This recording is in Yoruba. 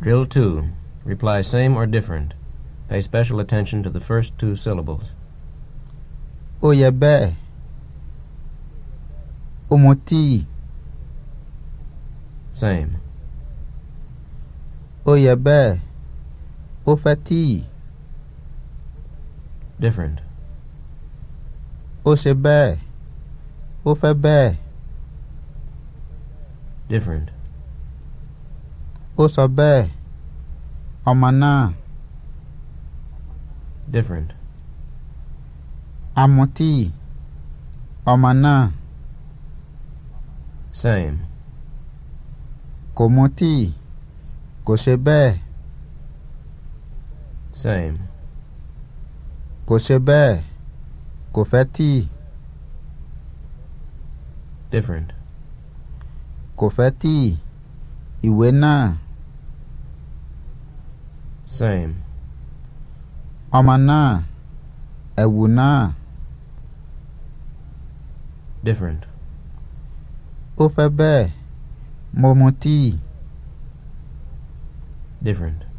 Drill 2. Reply same or different. Pay special attention to the first two syllables. Oyebe. Oh, Omoti. Oh, same. Oyebe. Oh, Ofati. Different. Osebe. Ofebe. Different. ó sọ bẹ́ẹ̀ ọmọ náà. different. àmútí ọmọ náà. same. kò mutí kò ṣe bẹ́ẹ̀. same. kò ṣe bẹ́ẹ̀ kò fẹ́ tíì. different. kò fẹ́ tíì ìwé náà same. ọmọ náà náà. different. ó fẹ́ bẹ́ẹ̀ mo mu tíì. different.